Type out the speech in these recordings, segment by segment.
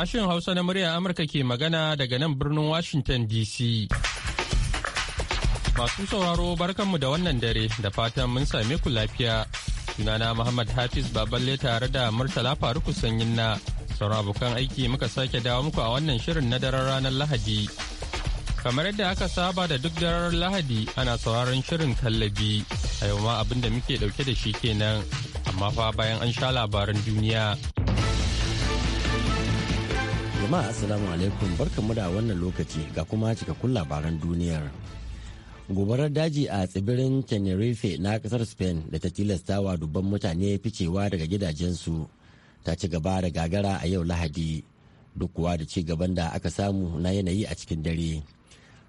Sashen Hausa na murya Amurka ke magana daga nan birnin Washington DC. Masu sauraro barkanmu da wannan dare da fatan mun same ku lafiya. Sunana Muhammad Hafiz Baballe tare da Murtala Faruku Sanyin na sauran abokan aiki muka sake dawo muku a wannan shirin na daren ranar Lahadi. Kamar yadda aka saba da duk daren Lahadi ana sauraron shirin kallabi a yau ma abin da muke dauke da shi kenan amma fa bayan an sha labaran duniya. jama'a assalamu alaikum barkamu da wannan lokaci ga kuma cikakkun labaran duniyar gobarar daji a tsibirin tenerife na kasar spain da ta tilastawa wa dubban mutane ficewa daga gidajensu ta ci gaba da gagara a yau lahadi duk kuwa da ci gaban da aka samu na yanayi a cikin dare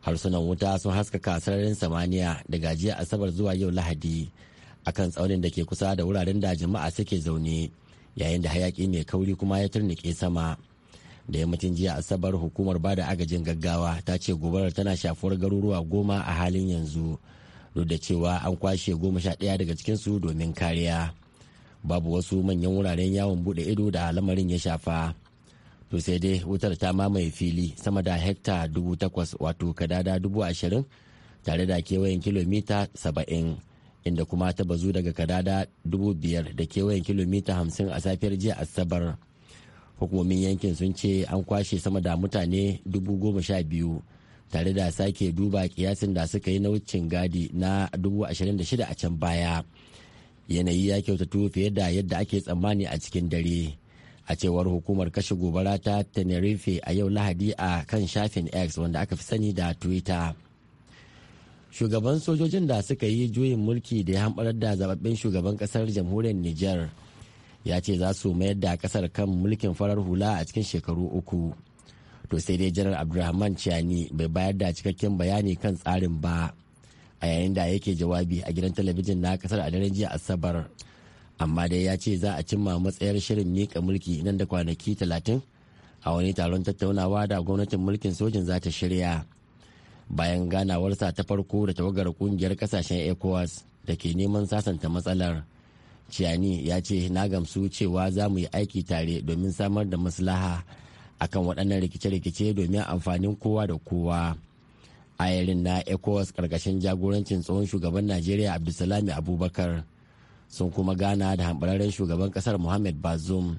harsunan wuta sun haskaka sararin samaniya da gajiya asabar zuwa yau lahadi akan tsaunin da ke kusa da wuraren da jama'a suke zaune yayin da hayaki mai kauri kuma ya turnike sama da yammacin jiya asabar hukumar bada agajin gaggawa ta ce gobarar tana shafuwar garuruwa goma a halin yanzu duk da cewa an kwashe goma sha ɗaya daga cikinsu domin kariya babu wasu manyan wuraren yawon bude ido da lamarin ya shafa to sai dai wutar ta mamaye fili sama da hekta dubu takwas wato kadada dubu ashirin tare da kewayen kilomita saba'in inda kuma ta bazu daga kadada dubu biyar da kewayen kilomita hamsin a safiyar jiya asabar hukumomin yankin sun ce an kwashe sama da mutane dubu sha biyu tare da sake duba kiyasin da suka yi na wucin gadi na dubu a can baya yanayi ya kyautatu fiye da yadda ake tsammani a cikin dare a cewar hukumar kashe gobara ta tenerife a yau lahadi a kan shafin x wanda aka fi sani da twitter shugaban sojojin da suka yi juyin mulki da ya hambarar da zababben shugaban kasar jamhuriyar niger ya ce za su mayar da kasar kan mulkin farar hula a cikin shekaru uku to sai dai janar abdulrahman ciani bai bayar da cikakken bayani kan tsarin ba a yayin da yake jawabi a gidan talabijin na kasar a daren jiya asabar amma dai ya ce za a cimma matsayar shirin miƙa mulki nan da kwanaki talatin a wani taron tattaunawa da gwamnatin mulkin sojin za ta shirya bayan ganawarsa ta farko da tawagar kungiyar kasashen ecowas da ke neman sasanta matsalar ciyani ya ce na gamsu cewa za mu yi aiki tare domin samar da maslaha akan waɗannan rikice-rikice domin amfanin kowa da kowa ayarin na ecowas ƙarƙashin jagorancin tsohon shugaban najeriya abdulsalami abubakar sun kuma gana da hanɓararren shugaban ƙasar muhammad bazoum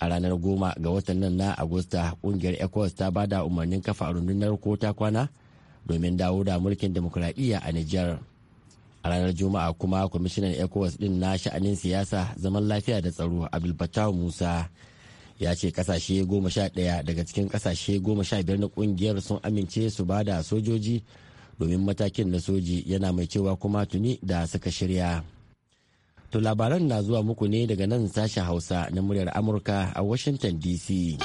a ranar goma ga watan nan na agusta ƙungiyar ecowas ta ba da umarnin kafa rundunar ko ta kwana domin dawo da mulkin demokuraɗiyya a nijar. a ranar juma'a kuma kwamishinan ecowas din na sha'anin siyasa zaman lafiya da tsaro abdulfatah musa ya ce kasashe goma sha ɗaya daga cikin kasashe goma sha biyar na kungiyar sun amince su ba da sojoji domin matakin na soji yana mai cewa kuma tuni da suka shirya to labaran na zuwa muku ne daga nan sashen hausa na muryar amurka a washington dc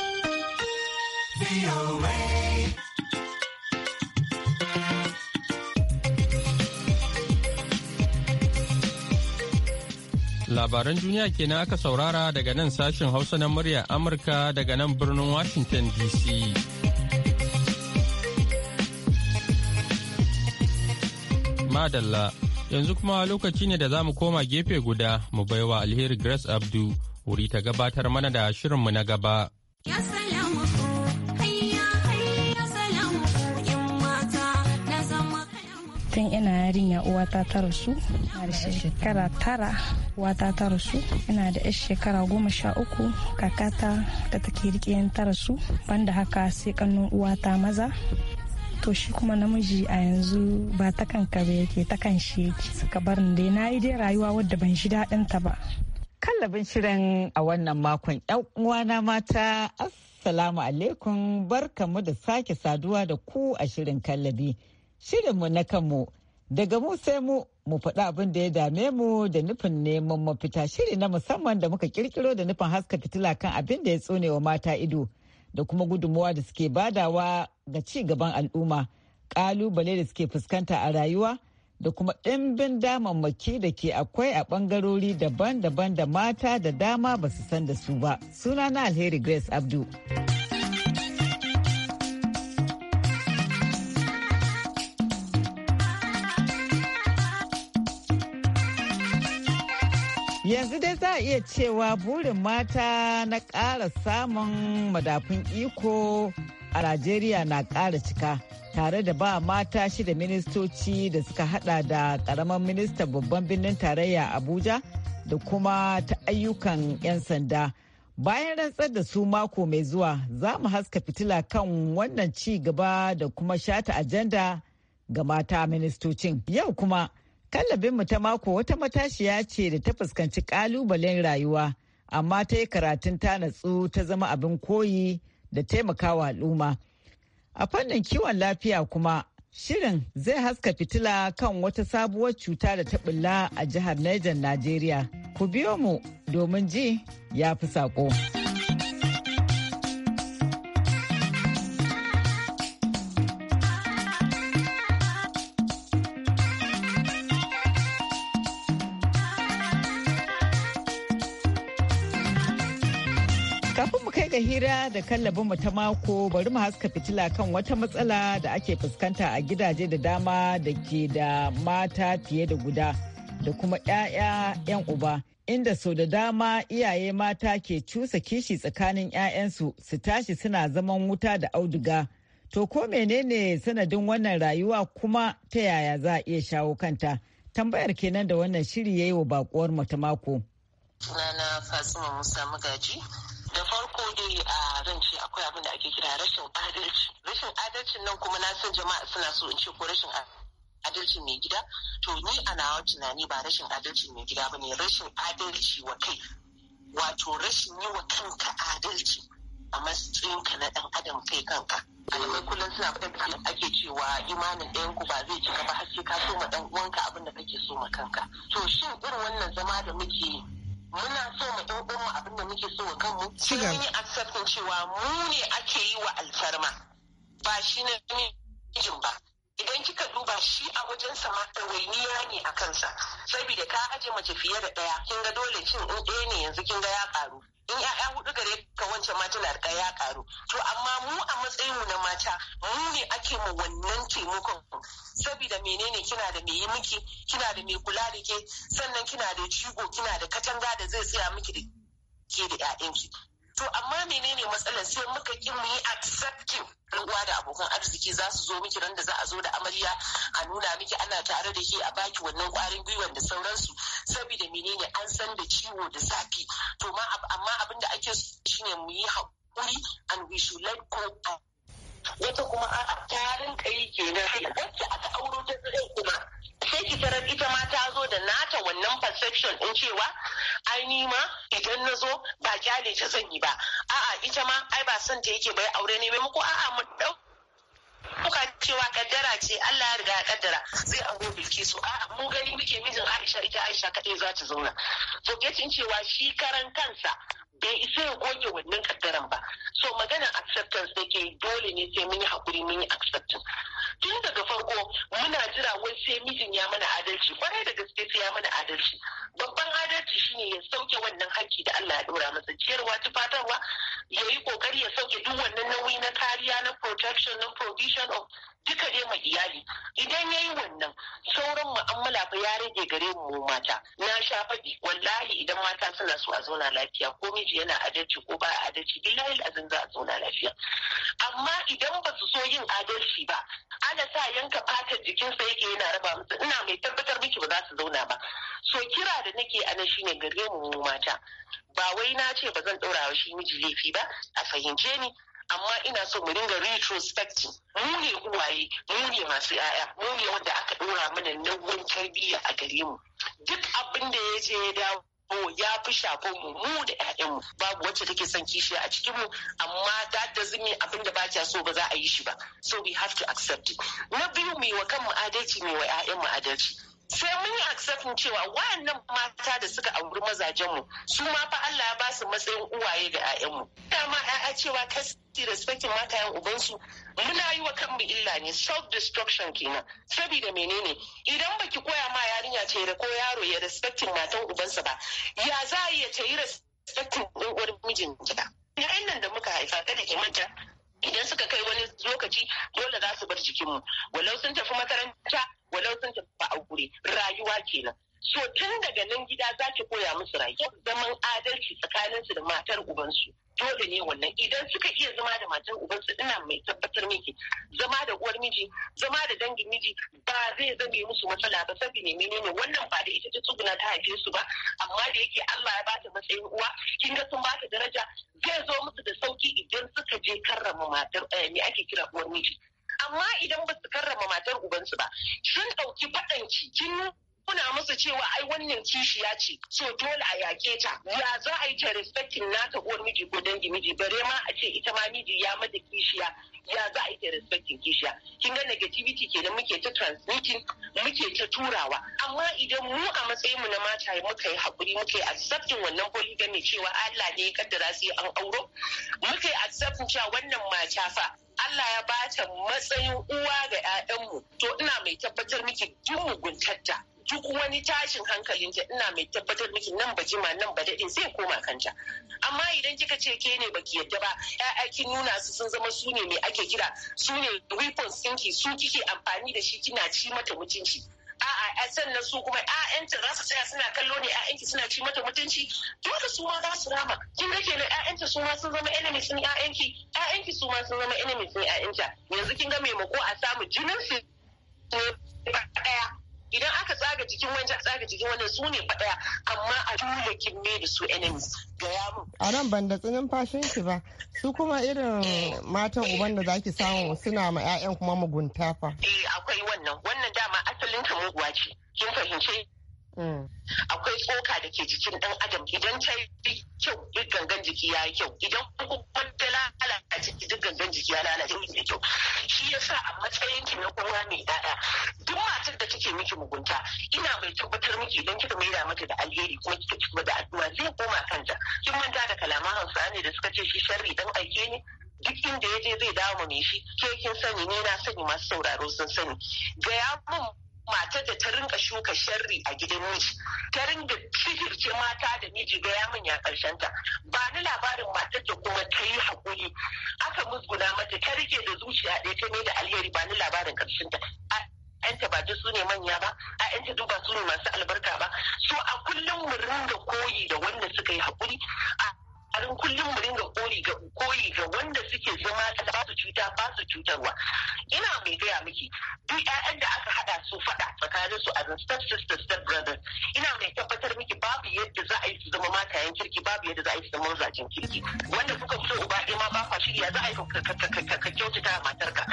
Labaran duniya kenan aka saurara daga nan sashen Hausa na murya Amurka daga nan birnin Washington DC. Madalla, yanzu kuma lokaci ne da za mu koma gefe guda mu baiwa alheri Grace Abdu wuri ta gabatar mana da shirinmu na gaba. tun ina yarinya uwata ta rasu da shekara tara uwata ta rasu ina da yar shekara goma sha uku kakata da take rike ta rasu banda haka sai kannun uwata maza to shi kuma namiji a yanzu ba ta kan kabe yake ta kan shi yake suka bar ni dai na yi dai rayuwa wadda ban shi daɗin ta ba kallabin shirin a wannan makon yan uwana mata assalamu alaikum barkamu da sake saduwa da ku a shirin kallabi shirinmu na kanmu daga mu sai mu mu faɗi abin da ya dame mu da nufin neman mafita shiri na musamman da muka kirkiro da nufin haska fitila kan abin da ya tsone wa mata ido da kuma gudunmuwa da suke badawa ga ci gaban al'umma ƙalubale da suke fuskanta a rayuwa da kuma ɗimbin damammaki da ke akwai a ɓangarori daban-daban da mata da dama ba su san da su ba. Suna na Alheri Grace Abdu. Yanzu dai za a iya cewa burin mata na ƙara samun madafun iko a Najeriya na ƙara cika tare da ba mata shida ministoci da suka hada da ƙaramin ministan babban birnin tarayya Abuja da kuma ta ayyukan 'yan sanda. Bayan rantsar da su mako mai zuwa za mu haska fitila kan wannan ci gaba da kuma shata ajanda ga mata ministocin. Yau kuma. Kallabinmu ta mako wata matashiya ce da ta fuskanci ƙalubalen rayuwa, amma ta yi karatun ta natsu ta zama abin koyi da taimakawa al'umma. A fannin kiwon lafiya kuma, shirin zai haska fitila kan wata sabuwar cuta da ta bulla a jihar Niger, Najeriya. Ku biyo mu domin ji ya fi saƙo. hira da kallabin mu ta mako bari mu haska fitila kan wata matsala da ake fuskanta a gidaje da dama da ke da mata fiye da guda da kuma 'ya'ya 'yan uba. Inda sau da dama iyaye mata ke cusa kishi tsakanin 'ya'yansu su tashi suna zaman wuta da auduga. To ko menene sanadin wannan rayuwa kuma ta yaya za a iya shawo kanta? Tambayar kenan da wannan shiri ya yi wa bakuwar mu ta mako. Sunana Fatima Musa Magaji, da farko dai a zan ce akwai abin da ake kira rashin adalci rashin adalcin nan kuma na san jama'a suna so in ce ko rashin adalci mai gida to ni a nawa tunani ba rashin adalci mai gida ba ne rashin adalci wa kai wato rashin yi wa kanka adalci a matsayin ka na dan adam kai kanka alamai kullum suna faɗin ake cewa imanin ɗayan ku ba zai cika ba har sai ka so ma dan uwanka abin da kake so ma kanka to shin irin wannan zama da muke muna so mu ɗauɗin mu abin da muke so wa kanmu sai mun yi accepting cewa mu ne ake yi wa alfarma ba shi na mijin ba idan kika duba shi a wajen sama ɗawainiya ne a kansa saboda ka aje mace fiye da ɗaya kin ga dole cin in ɗaya ne yanzu kin ga ya ƙaru in ya'ya hudu gare ka wancan ma tana da ya ƙaru to amma mu a matsayin mu na mata mu ne ake ma wannan taimakon saboda menene kina da me yi miki kina da me kula da ke sannan kina da jigo kina da katanga da zai tsaya miki da ke da 'ya'yanki to amma menene matsalar sai muka ki mu yi accepting uwa da abokan arziki za su zo miki randa za a zo da amarya a nuna miki ana tare da ke a baki wannan kwarin gwiwan da sauransu saboda menene an san da ciwo da zafi to amma abin da ake shine mu yi haƙuri and we should let go wata kuma a ta rinka yi kenan wacce aka auro ta zai kuma sai ki tarar ita ma ta zo da nata wannan perception in cewa ai ni ma idan na zo ba kyale ta zan yi ba a'a ita ma ai ba son ta yake bai aure ne maimako a'a mu dau kuka cewa kaddara ce Allah ya riga ya kaddara zai abu bilki su a'a mu gani muke mijin Aisha ita Aisha kadai za ta zauna to cewa shi karan kansa bai isa ya goge wannan kaddaran ba so acceptance ke dole ne sai mun yi hakuri mun yi acceptance tun daga farko muna jira wai sai mijin ya mana adalci kwarai da gaske sai ya mana adalci babban adalci shine ya sauke wannan haƙƙi da Allah ya ɗora masa ciyarwa tufatarwa ya yi kokari ya sauke duk wannan nauyi na kariya na protection na provision of duka dai ma iyali idan ya yi wannan sauran mu'amala fa ya rage gare mu mata na sha faɗi wallahi idan mata suna so a zauna lafiya ko miji yana adalci ko ba adalci billahi azin za a zauna lafiya amma idan ba su so yin adalci ba ana sa yanka fatar jikinsa yake yana raba musu ina mai tabbatar miki ba za su zauna ba so kira da nake a nan shine gare mu mata ba wai na ce ba zan ɗora wa shi miji laifi ba a fahimce ni amma ina so mu dinga retrospecting mu ne uwaye mu ne masu yaya mu ne wanda aka dora mana nauyin tarbiyya a gare mu duk abin da ya je ya dawo ya fi shafo mu mu da ƴaƴanmu babu wacce take son kishiya a cikin mu amma ta ta zumi abin da ba ta so ba za a yi shi ba so we have to accept it na biyu mu yi wa kanmu adalci mu wa ƴaƴanmu adalci sai mun yi accepting cewa wayannan mata da suka auri mazajenmu su ma fa Allah ya ba su matsayin uwaye ga 'ya'yanmu dama 'ya'ya cewa kasi respecting matayen ubansu muna yi wa kanmu illa ne self destruction kenan saboda menene idan baki koya ma yarinya ce ko yaro ya respecting matan ubansa ba ya za a iya ta yi respecting ɗin uwar mijin gida 'ya'yan nan da muka haifa kada ki manta idan suka kai wani lokaci dole za su bar jikinmu walau sun tafi makaranta walau sun tafi aure rayuwa kenan so tun daga nan gida za ki koya musu rayuwa zaman adalci tsakaninsu da matar ubansu dole ne wannan idan suka iya zama da matar ubansu ina mai tabbatar miki zama da uwar miji zama da dangin miji ba zai zame musu matsala ba saboda menene wannan ba da ita ta tsuguna ta haife su ba amma da yake Allah ya bata matsayin uwa kin ga sun bata daraja zai zo musu da sauki idan suka je karrama matar eh, me ake kira uwar miji amma idan ba su karrama matar ubansu ba sun ɗauki faɗan kin kuna masa cewa ai wannan kishiya ce so dole a yaƙe ta ya za a yi ta respecting naka uwar miji ko dangi miji bare ma a ce ita ma miji ya mata kishiya ya za a yi ta respecting kishiya kin ga negativity kenan muke ta transmitting muke ta turawa amma idan mu a matsayin mu na mata muka yi hakuri muka yi accepting wannan polygamy cewa Allah ne ya kaddara su an auro muka yi accepting cewa wannan mata fa Allah ya bata matsayin uwa ga 'ya'yanmu to ina mai tabbatar miki duk muguntarta duk wani tashin hankalinta ina mai tabbatar miki nan ba jima nan ba daɗin zai koma kanta amma idan kika ce ke ne baki yadda ba ya'ya kin nuna su sun zama su ne mai ake kira su ne weapons ɗinki su kike amfani da shi kina ci mata mutunci a'a sannan su kuma ƴaƴanta za su tsaya suna kallo ne ƴaƴanki suna ci mata mutunci dole su ma za su rama kin ga kenan ƴaƴanta su ma sun zama enemy sun ƴaƴanki ƴaƴan ki su ma sun zama enemies ne a ta yanzu kin ga maimako a samu jinin su ne daya idan aka tsaga jikin wancan tsaga jikin wani su ne fa amma a dole kin ne da su enemies ga yamu a nan ban da tsinin fashin ki ba su kuma irin matan uban da zaki samu suna ma 'ya'yan kuma mugunta fa eh akwai wannan wannan dama asalin ta muguwa ce kin fahimce Mm. akwai tsoka da ke jikin dan adam idan ta yi kyau duk gangan jiki ya yi kyau idan kuma ta lalace duk gangan jiki ya lalace da kyau shi yasa a matsayin ki na kowa mai dada duk matar da take miki mugunta ina mai tabbatar miki idan kika maida mata da alheri kuma kika ci da addu'a zai koma kanta kin manta da kalaman hausa ne da suka ce shi sharri dan aike ne duk inda ya je zai dawo mai shi ke kin sani ne na sani masu sauraro sun sani gaya mun matar da ta rinka shuka sharri a gidan miji ta rinka sihirce mata da miji gaya manya ya karshen ta ba ni labarin matar da kuma ta yi hakuri aka musguna mata ta rike da zuciya ɗaya ta mai da alheri ba ni labarin karshen ta yanta ba su ne manya ba a yanta duba su ne masu albarka ba so a kullum mu ringa koyi da wanda suka yi hakuri kokarin kullum mu dinga koyi ga koyi ga wanda suke zama ta ba su cuta ba su cutarwa ina mai gaya miki duk ƴaƴan da aka hada su fada tsakanin su a step sister step brother ina mai tabbatar miki babu yadda za a yi su zama matayen kirki babu yadda za a yi su zama mazajin kirki wanda kuka fito uba ma ba kwa shirya za a yi ka kyautata matarka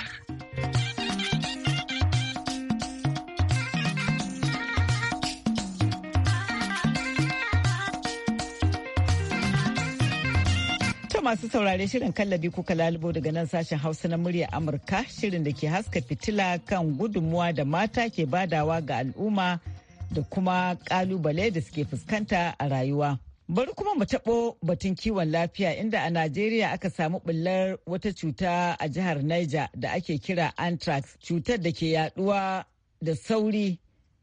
To masu saurare shirin kallabi kuka lalubo daga nan sashen Hausa na murya Amurka shirin da ke haska fitila kan gudunmuwa da mata ke badawa ga al'umma da kuma kalubale da suke fuskanta a rayuwa. Bari kuma mu taɓo batun kiwon lafiya inda a Najeriya aka samu ɓullar wata cuta a jihar Niger da ake kira anthrax cutar da ke yaduwa da sauri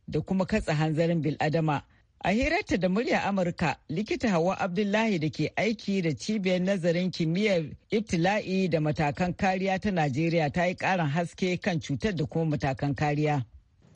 da kuma katsa hanzarin bil'adama. A hirarta da murya Amurka, likita Hawa Abdullahi da ke aiki da cibiyar nazarin kimiyyar ibtila'i da matakan kariya ta Najeriya ta yi ƙarin haske kan cutar da kuma matakan kariya.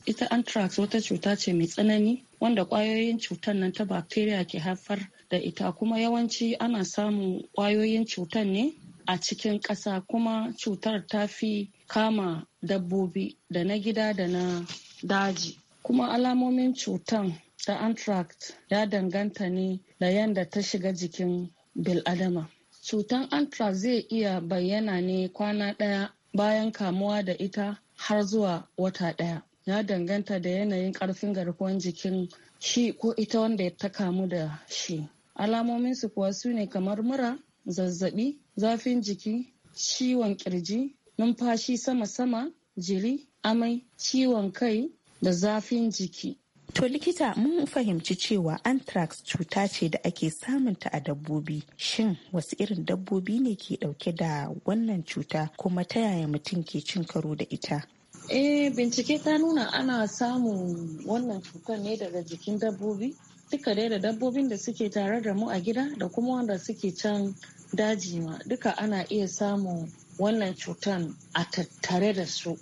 Ita anthrax wata cuta ce mai tsanani wanda kwayoyin cutar nan ta bacteria ke haifar da ita kuma yawanci ana samun kwayoyin cutar ne a cikin ƙasa kuma cutar ta fi kama dabbobi da na gida da na daji. Kuma alamomin cutar. ta anthrax ya danganta ne da yadda ta shiga jikin biladama. Cutan anthrax zai iya bayyana ne kwana ɗaya bayan kamuwa da ita har zuwa wata ɗaya. Ya danganta da yanayin ƙarfin garkuwan jikin shi ko ita wanda ta kamu da shi. Alamominsu kuwa su ne kamar mura, zazzaɓi, zafin jiki, ciwon ƙirji, numfashi sama-sama, jiri, amai, ciwon kai da zafin jiki. To likita mun fahimci cewa anthrax cuta ce da ake samunta a dabbobi. Shin wasu irin dabbobi ne ke dauke da wannan cuta kuma ta yaya mutum ke cin karo da ita? Eh bincike ta nuna ana samun wannan cutar ne daga jikin dabbobi. Duka dai da dabbobin da suke tare da mu a gida da kuma wanda suke can daji ma duka ana iya samun wannan cutar a tattare da su.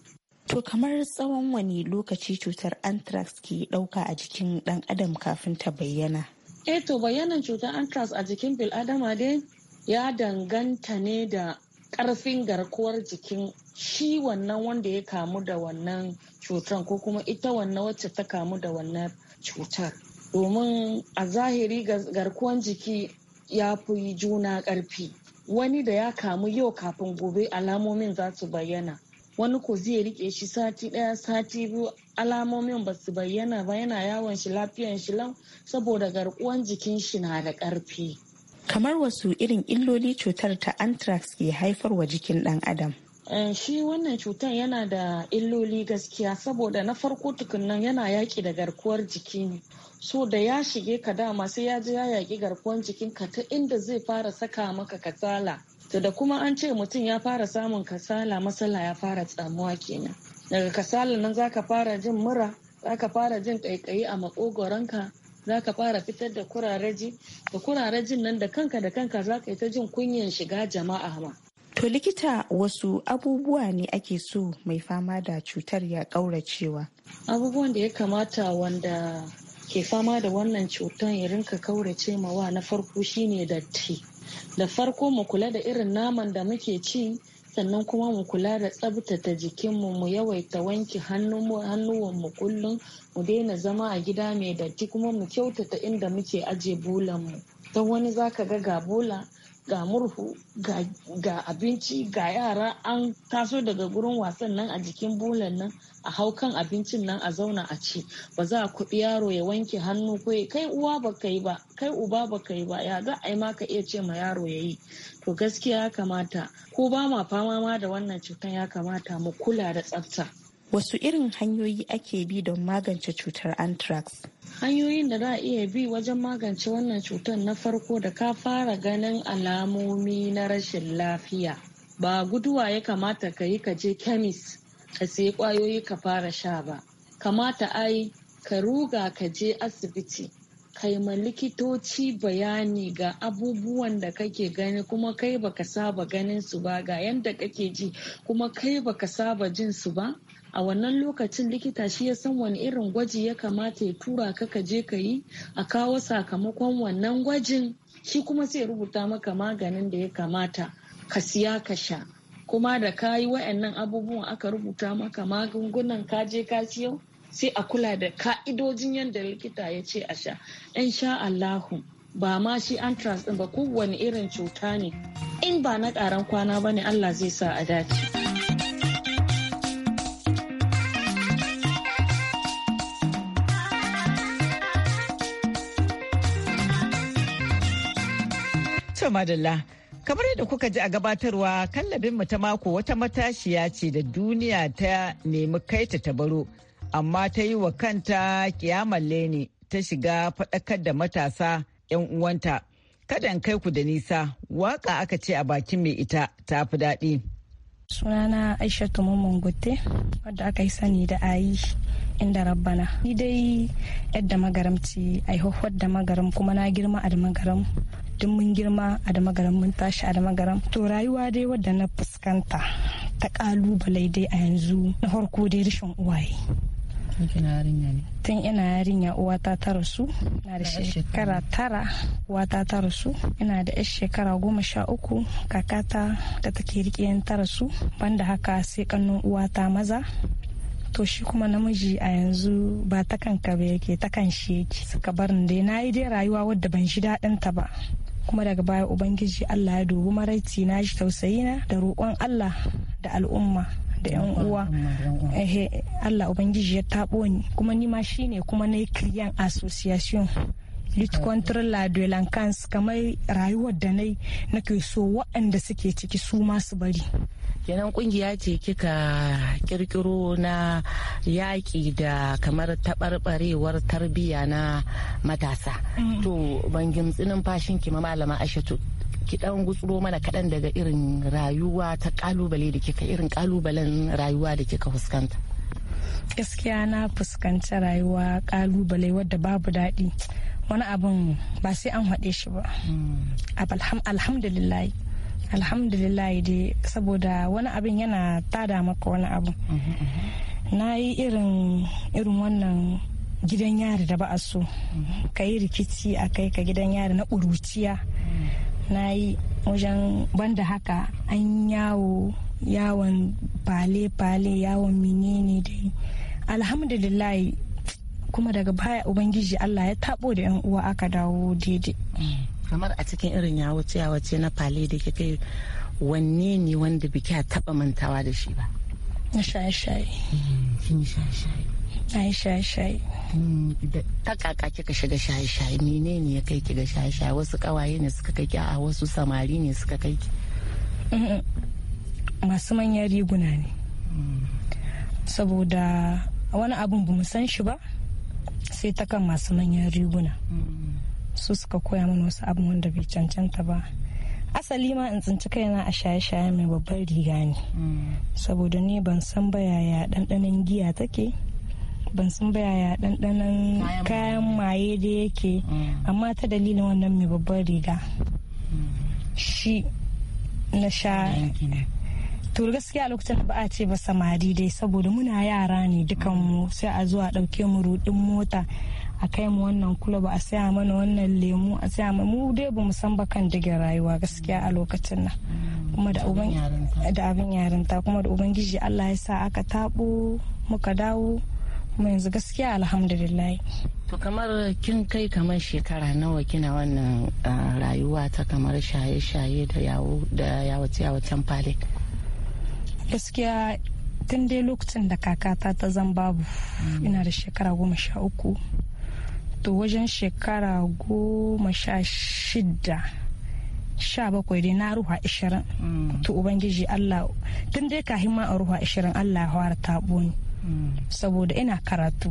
To kamar tsawon wani lokaci cutar anthrax ke ɗauka a jikin ɗan adam kafin ta bayyana? Eh to bayyanan cutar anthrax a jikin bil'adama dai ya danganta ne da ƙarfin garkuwar jikin shi wannan wanda ya kamu da wannan cutar ko kuma ita wannan wacce ta kamu da wannan cutar. Domin a zahiri garkuwan jiki ya fi juna ƙarfi. Wani da ya kamu yau kafin gobe alamomin za su bayyana. wani ko zai rike shi sati daya sati biyu alamomin ba su bayyana ba yana yawon shi lafiyan shi lam saboda garkuwan jikin shi na da karfi kamar wasu irin illoli cutar ta anthrax ke haifarwa jikin dan adam eh, shi wannan cutar yana da illoli gaskiya saboda na farko tukunnan yana yaki da garkuwar jiki ne so da ya shige ka dama sai ya ji ya yaki garkuwar jikin ka ta inda zai fara saka maka Katsala. to da kuma an ce mutum ya fara samun kasala masala ya fara tsamuwa kenan daga kasala nan zaka fara jin mura zaka fara jin kaikayi a makogoranka zaka fara fitar da kurareji da kurarejin nan da kanka da kanka zaka yi ta jin kunyan shiga jama'a ma To likita wasu abubuwa ne ake so mai fama da cutar ya kauracewa Abubuwan da ya kamata wanda ke fama da wannan cutar ya rinka kaurace mawa na farko shine datti. da farko mu kula da irin naman da muke ci sannan kuma mu kula da tsabtata jikinmu mu yawaita wanke hannuwanmu kullum mu daina zama a gida mai datti kuma mu kyautata inda muke aje bulanmu don wani zaka ga ga bola ga murhu ga abinci ga yara an taso daga gurin wasan nan a jikin bulan nan a hau kan abincin nan a zauna a ce. ba za a kuɗi yaro ya wanke hannu ko kai uwa ba ka yi ba kai uba ba ka yi ba ya za a yi ma ka iya ce ma yaro ya yi to gaskiya ya kamata ko ba ma fama ma da wannan cutan ya kamata mu kula da tsafta wasu irin hanyoyi ake bi don magance cutar anthrax hanyoyin da za a iya bi wajen magance wannan cutar na farko da ka fara ganin alamomi na rashin lafiya ba guduwa ya kamata ka yi ka je kemis ka sayi kwayoyi ka fara sha ba kamata ai ka ruga ka je asibiti kai ma likitoci bayani ga abubuwan da kake gani kuma kai baka saba ganin su ba ga yadda kake ji kuma kai baka saba jin su ba a wannan lokacin likita shi ya san wani irin gwaji ya kamata ya tura ka ka je ka yi a kawo sakamakon wannan gwajin shi kuma sai rubuta maka maganin da ya kamata ka siya ka sha kuma da ka yi wa'annan abubuwan aka rubuta maka magungunan ka je ka siyo sai a kula da ka'idojin yadda likita ya ce a sha in sha Allahu ba ma shi anthrax ɗin ba kowane irin cuta ne in ba na ƙaran kwana ba ne Allah zai sa a dace. To madalla, kamar yadda kuka ji a gabatarwa kallabin mu ta mako wata matashiya ce da duniya ta nemi kaita ta baro, amma ta yi wa kanta kiyamar leni ta shiga faɗakar da matasa 'yan uwanta. kadan kai ku da nisa, waka aka ce a bakin mai ita ta fi daɗi. Sunana aisha tumumun gote. wadda aka yi sani da ayi inda rabbana. Ni dai yadda magaramci, aihuhuwar da magaram kuma na girma a da magaram. duk mun girma a da magaran mun tashi a da magaran to rayuwa dai wadda na fuskanta ta kalubale dai a yanzu na farko dai rashin uwaye tun ina yarinya uwata ta rasu na da shekara tara uwata ta rasu ina da yar shekara goma sha uku kakata da take yan ta rasu banda haka sai kannun uwata maza to shi kuma namiji a yanzu ba ta kanka ba yake ta kan shi yake suka barin dai na yi dai rayuwa wadda ban shi daɗinta ba kuma daga baya ubangiji allah ya dubi maraici na shi tausayi na da roƙon allah da al'umma da yan uwa Allah Ubangiji ya taɓo ni kuma ni ma shine kuma na yi kiriyan association lutte contre la kamar rayuwar da nai nake so waɗanda suke ciki su masu bari kenan kungiya ce kika kirkiro na yaƙi da kamar taɓarɓarewar tarbiyya na matasa mm. to ban gimtsi fashin ki ma malama ashatu ki dan gutsuro mana kaɗan daga irin rayuwa ta kalubale da kika irin kalubalen rayuwa da kika fuskanta gaskiya na fuskanci rayuwa kalubale wadda babu daɗi wani abun ba sai an haɗe shi ba alhamdulillah alhamdulillah dai saboda wani abin yana tada maka wani abu na yi irin irin wannan gidan yari da ba a so ka yi rikici a kai ka gidan yari na ƙuruciya na yi wajen banda haka an yawo yawon bale-bale yawon menene dai alhamdulillah kuma daga baya ubangiji allah ya taɓo da yan uwa aka dawo daidai kamar a cikin irin ya wuce ya wuce na fale da kika wanne ne wanda biki a taba mantawa da shi ba na shaye-shaye mm, kin shaye-shaye na yi shaye-shaye ta kaka kika shiga shaye-shaye mene ne ya kai ki ga shaye-shaye wasu kawaye ne suka kai ki a wasu samari ne suka kai ki masu manyan riguna ne mm. saboda wani abun ba mu san shi ba sai ta kan masu manyan riguna su suka koya mana wasu abin wanda bai cancanta ba asali ma in tsinci kaina a shaye-shaye mai babban riga ne saboda ne ban san ba yaya ɗanɗanon giya take ban san ba yaya ɗanɗanon kayan maye da yake amma ta dalilin wannan mai babban riga shi na sha to gaskiya lokacin ba a ce ba samari dai saboda muna yara ne mu sai a zuwa ɗauke mu rudin mota a kai mu wannan kula ba a saya mana wannan lemu a saya mana mu dai mu san ba kan digin rayuwa gaskiya a lokacin nan kuma da uban da abin yarinta kuma da ubangiji Allah ya sa aka tabo muka dawo kuma yanzu gaskiya alhamdulillah to kamar kin kai kamar shekara nawa kina wannan ah, rayuwa ta kamar shaye-shaye da yawo da yawo can fale gaskiya tun dai lokacin da kakata ta zan babu mm. ina da shekara goma sha uku to wajen shekara goma sha shida sha bakwai dai na ruwa ashirin mm. to ubangiji allah tun dai kahin ma a ruwa ashirin allah ya fara tabo ni mm. saboda ina karatu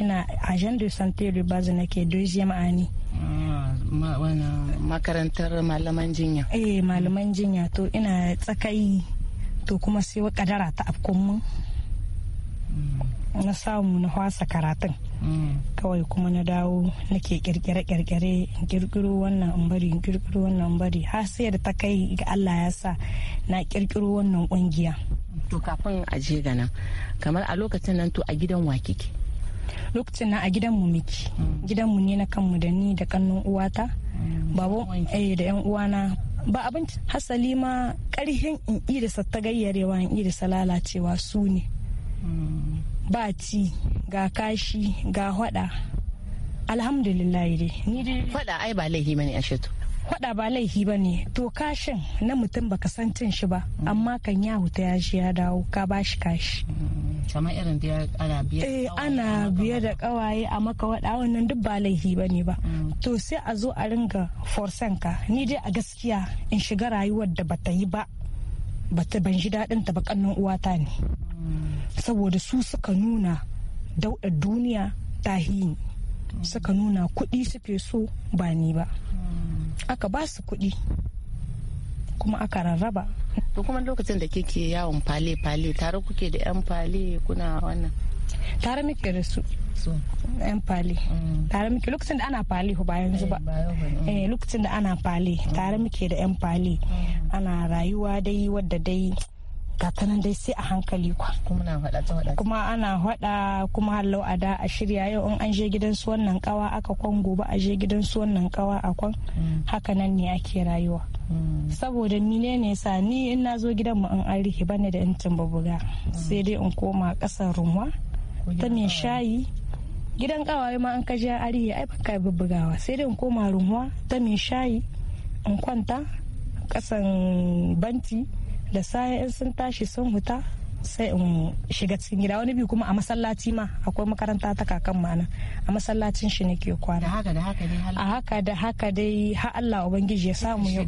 ina agent de santé de base ke deuxième année ah, makarantar malaman jinya eh malaman jinya to ina tsakai to kuma sai wa kadara ta afkon mun na samu na fasa karatun kawai kuma na dawo nake kirkire-kirkire kirkiro wannan umbari kirkiro wannan umbari har sai da ta kai ga Allah ya sa na kirkiro wannan kungiya to kafin a je ga nan kamar a lokacin nan to a gidan wa kike lokacin na a gidan mu miki mm. gidan mu ne na kanmu da ni da kannun uwata mm. babu eh, da yan uwana ba abin hasali ma karhin in irisa ta gayyarewa in irisa lalacewa su ne ba ci ga kashi ga hwada alhamdulillah dai ni dai hwada ai ba laifi bane a shetu hada ba laifi ba ne to kashin na mutum baka san cin shi ba amma kan ya huta ya shi ya dawo ka ba shi kashi kamar irin biyar ana biyar eh ana biyar da kawaye a maka wada wannan duk ba laifi ba ne ba mm. to sai a zo a ringa forsan ka ni dai a gaskiya in shiga rayuwar da bata yi ba bata ban ji daɗin ta ba kannan uwata ne mm. saboda su suka nuna dauɗa duniya tahi suka nuna kuɗi suke so ba ni ba aka ba su kuɗi kuma aka rarraba to kuma lokacin da kike yawon fale fale tare kuke da yan fale kuna wannan tare muke da su yan fale mm. tare muke lokacin da ana fale ba yanzu eh, ba eh lokacin da ana fale tare mm. muke da yan fale mm. ana rayuwa dai wadda dai ta nan dai sai a hankali kwa kuma ana hada kuma hallo a da a shirya yau in an je gidan su wannan kawa aka kwan gobe a je gidan su wannan kawa a kwan mm. haka nan ne ake rayuwa mm. saboda ni ne sa ni in na zo gidan mu in an arihi bane da intin babuga mm. sai dai in koma kasar rumwa ta mai shayi gidan kawaye ma an ka a arihe ai baka bubbugawa sai dai in koma rumwa ta mai shayi in kwanta kasan banti da safe in sun tashi sun huta sai in shiga cikin gida wani biyu kuma a masallaci ma akwai makaranta ta kakan mana a masallacin shi ne ke kwana a haka da haka dai ha Allah ubangiji ya samu yau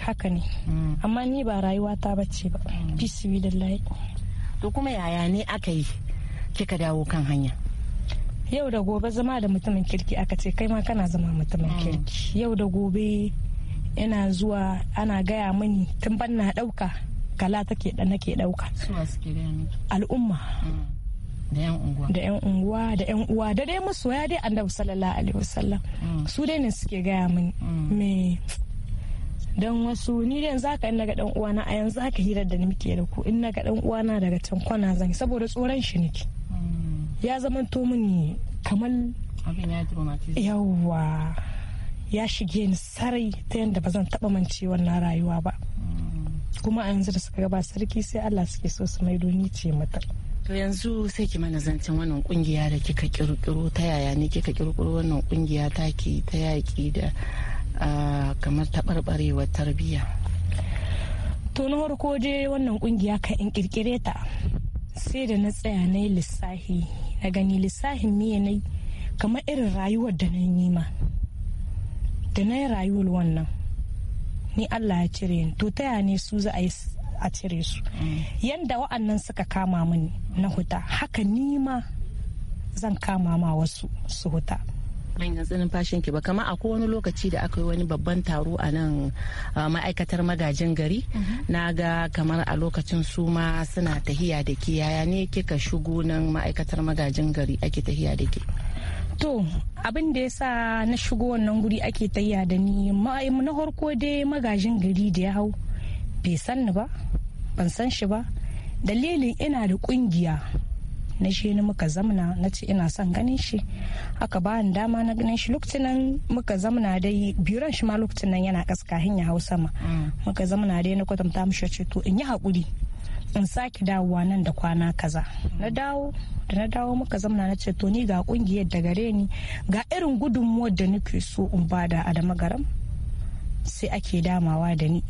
haka ne mm. amma ni ba rayuwa ta bace ba mm. bismi to kuma yaya ne aka yi kika dawo kan hanya yau da gobe zama da mutumin kirki aka ce kai ma kana zama mutumin mm. kirki yau da gobe yana zuwa ana gaya mani tun ban na ɗauka kala take da nake ɗauka al'umma mm. da 'yan unguwa da 'yan uwa da dai masoya dai annabi sallallahu alaihi wasallam mm. su dai ne suke gaya mani. Mm. me dan wasu ni dai za ka ina ga dan uwa na a yanzu haka hirar da muke da ku in ga dan uwa na daga can kwana zan saboda tsoron shi nake ya zama to mini kamar yawa. ya shige ni sarai ta yadda ba zan taɓa mance wannan rayuwa ba kuma a yanzu da suka gaba sarki sai allah suke so su mai ni ce mata to yanzu sai ki mana zancen wannan kungiya da kika kirkiro ta yaya ne kika kirkiro wannan kungiya ta ki ta yaki da kamar taɓarɓarewar tarbiyya to na farko je wannan kungiya ka in kirkire ta sai da na tsaya na yi lissahi na gani lissahin miye na kamar irin rayuwar da na yi ma da na yi rayuwar wannan ni allah ya cire ni to ta ne su za a yi a cire su yanda wa'annan suka kama mini na huta haka ni ma zan kama ma wasu su huta manyan tsinin fashin ki ba kamar a wani lokaci da aka yi wani babban taro a nan ma'aikatar magajin gari mhm. na ga kamar a lokacin su ma suna tahiya da ke yaya ne kika shigo nan ma'aikatar magajin gari ake tahiya da ke To abin da ya sa na shigo wannan guri ake tayya da ni na harko dai magajin gari da ya hau bai san ni ba ban san shi ba dalilin ina da kungiya na shi ni muka zamna na ce ina son ganin shi haka ba ni dama na ganin shi lokacin nan muka zamna dai biran shi ma lokacin nan yana kaska ya hau sama mm. muka zamna dai na kwatanta mishi ce to in yi hakuri. in sake dawowa nan da kwana kaza na dawo da na dawo muka zamana na ce to ni ga kungiyar da gare ni ga irin gudunmuwar da nake so in bada a da magaram sai ake damawa da ni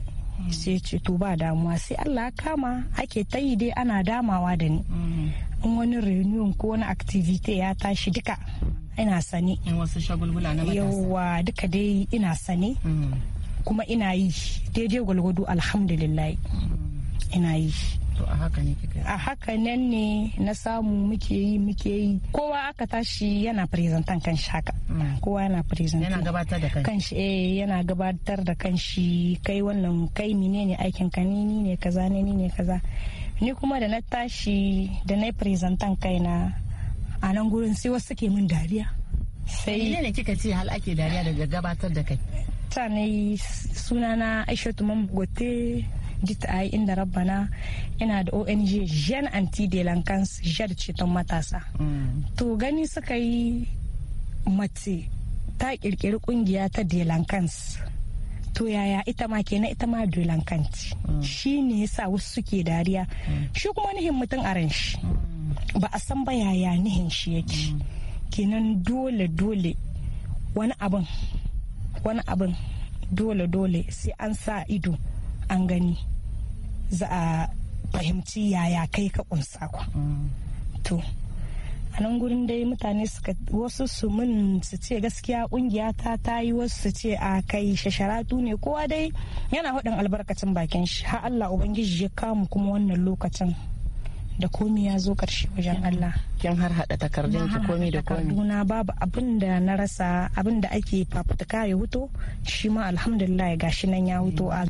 sai ce to ba damuwa sai allah kama ake ta yi dai ana damawa da ni mm. in wani reunion ko wani activity ya tashi duka ina in wasu shagulgula na yawa duka dai ina sani mm. kuma ina yi daidai gwalgwado alhamdulillah mm. ina yi to a haka ne kika a haka nan ne na samu muke yi muke yi kowa aka tashi yana presentan kanshi haka kowa yana presentan yana gabatar da kanshi eh yana gabatar da kanshi kai wannan kai menene aikin ka ni ni ne kaza ni ne kaza ni kuma da na tashi da na presentan kaina a nan gurin sai wasu ke min dariya sai ne kika ce hal ake dariya daga gabatar da kai ta ne sunana aishatu mamgote dita ai inda rabbana ina da ong jen anti de lankans jar ceton matasa mm. to gani suka yi mace ta kirkiri kungiya ta delankans to yaya ita ma kenan ita ma mm. shi ne yasa wasu suke dariya mm. shi kuma nihin mutum a shi ba a san ba yaya nihin shi yake kenan dole dole wani abin wani abin dole dole sai an sa ido an gani za a fahimci yaya kai ka kunsa ku to a nan gurin dai mutane suka wasu su mun su ce gaskiya kungiya ta ta yi wasu su ce a kai shasharatu ne kowa dai yana hudin albarkacin bakin shi har Allah ubangiji ya kamu kuma wannan lokacin da komi ya zo karshe wajen Allah kin har hada takardun ki komi da komi na babu abin da na rasa abin da ake fafutuka ya huto shi ma alhamdulillah gashi nan ya huto a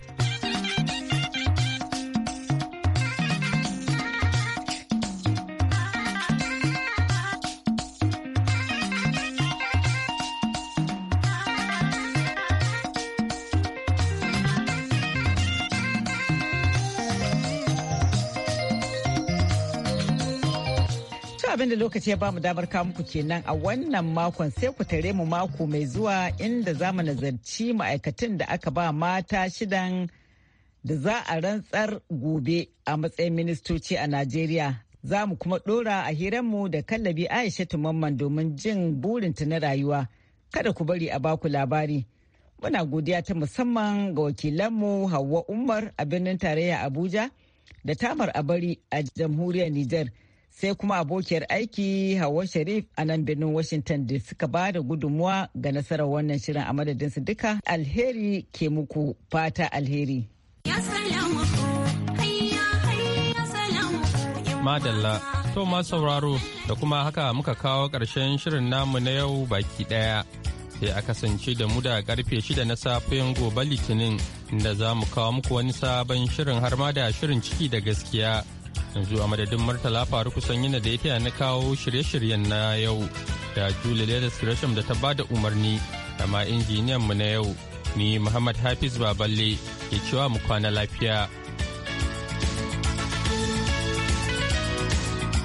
abin da lokaci ya bamu damar kawo muku kenan a wannan makon sai ku tare mu mako mai zuwa inda za mu nazarci ma'aikatan da aka ba mata shidan da za a rantsar gobe a matsayin ministoci a Najeriya. Za mu kuma ɗora a hiranmu da kallabi Aisha tumamman domin jin burinta na rayuwa. Kada ku bari a baku labari. Muna godiya ta musamman ga wakilanmu Hauwa Umar a birnin tarayya Abuja da Tamar Abari a jamhuriyar Nijar. sai kuma abokiyar aiki Hawa Sharif a nan birnin Washington da suka ba da gudunmuwa ga nasarar wannan shirin a su duka alheri ke muku fata alheri. Madalla, to ma sauraro da kuma haka muka kawo ƙarshen shirin namu na yau baki ɗaya. Sai a kasance da mu da karfe shida na safiyan gobe litinin inda za mu kawo muku wani sabon shirin har ma da shirin ciki da gaskiya. yanzu a madadin martala faru kusan yana da ya taya na kawo shirye-shiryen na yau da julie ladis gresham da ta ba da umarni da ma injiniyan mu na yau ni muhammad hafiz baballe ke cewa mu kwana lafiya